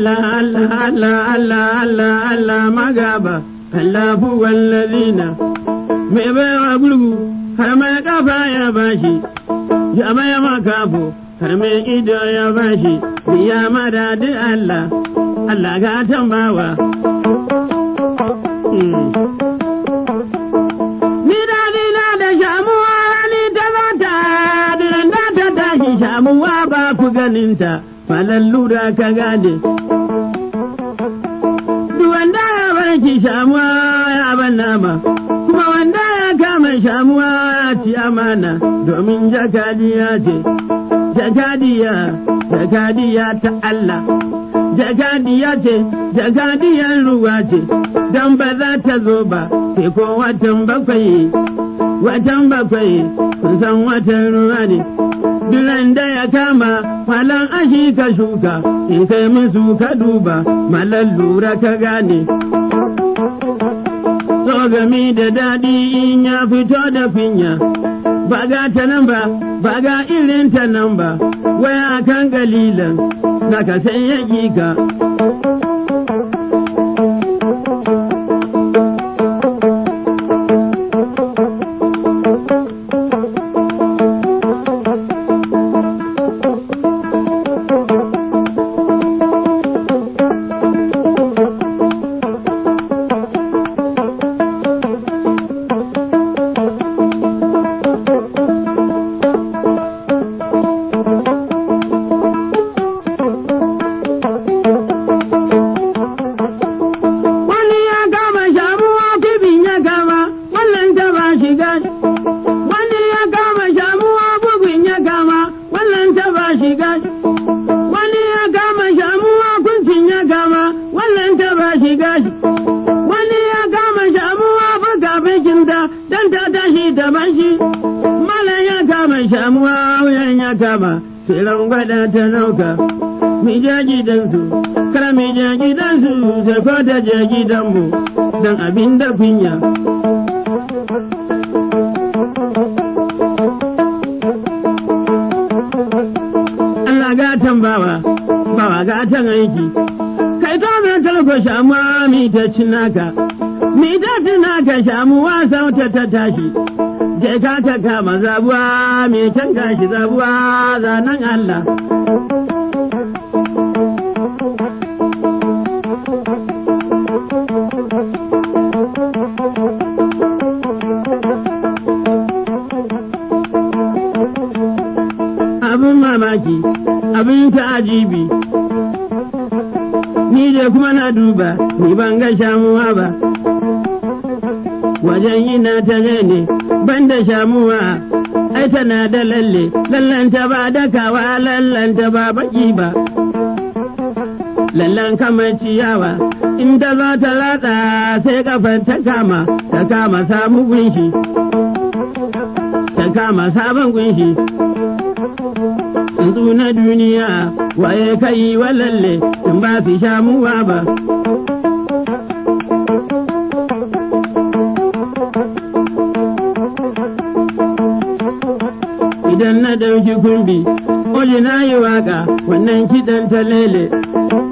Allah Allah Allah Allah Allah Allah magaba Allah huwa allazina mai baiwa gurgu har mai kafa ya bashi ya mai makafo har mai ido ya bashi ya madadi Allah Allah ga hmm. da shamuwa ni ta da ta shamuwa ba ku ganinta. falallu da ka gane wanda ya barki shamuwa ya banna ma kuma wanda ya kama shamuwa ya ci amana domin jakadiya ce jakadiya jakadiya ta Allah jakadiya ce jakadiyar ruwa ce don ba za ta zo ba sai ko watan bakwai watan bakwai kun san watan ruwa ne Biran da ya kama falan ahi ka shuka in kai musu ka duba malar lura ka gane. gami da daɗi in ya fito da finya ba ga ta nan ba ba ga irin ta nan ba waya kan galilan na ka sai ya ka. shiga wani ya kama shi amuwa kuncin ya kama wannan ta ba shiga wani ya kama shi amuwa buga bikinta dan ta tashi da bashi malam ya kama shi amuwa wuyan ya kama tilan gwada ta nauka mi je gidansu kar mi je gidansu sai ko ta je gidanmu dan abin da kunya bawa bawa ga ta aiki kai to me talko shamu mi ta cinaka mi ta cinaka shamu wa sauta ta tashi je ka ta kama zabuwa mi can gashi zabuwa zanan Allah Thank mamaki abin ajibi. ni da kuma na duba ni ban ga shamuwa ba wajen yi na ta ne ban da shamuwa ai tana da lalle lallanta ba dakawa lallanta ba baki ba lallan kamar ciyawa in ta za ta latsa sai kafar ta kama ta kama samu gunshi ta kama sabon gunshi yanzu na duniya waye kai lalle in ba su shamuwa ba. Idan na ɗauki kumbi, oji na yi waka wannan kiɗan ta lele.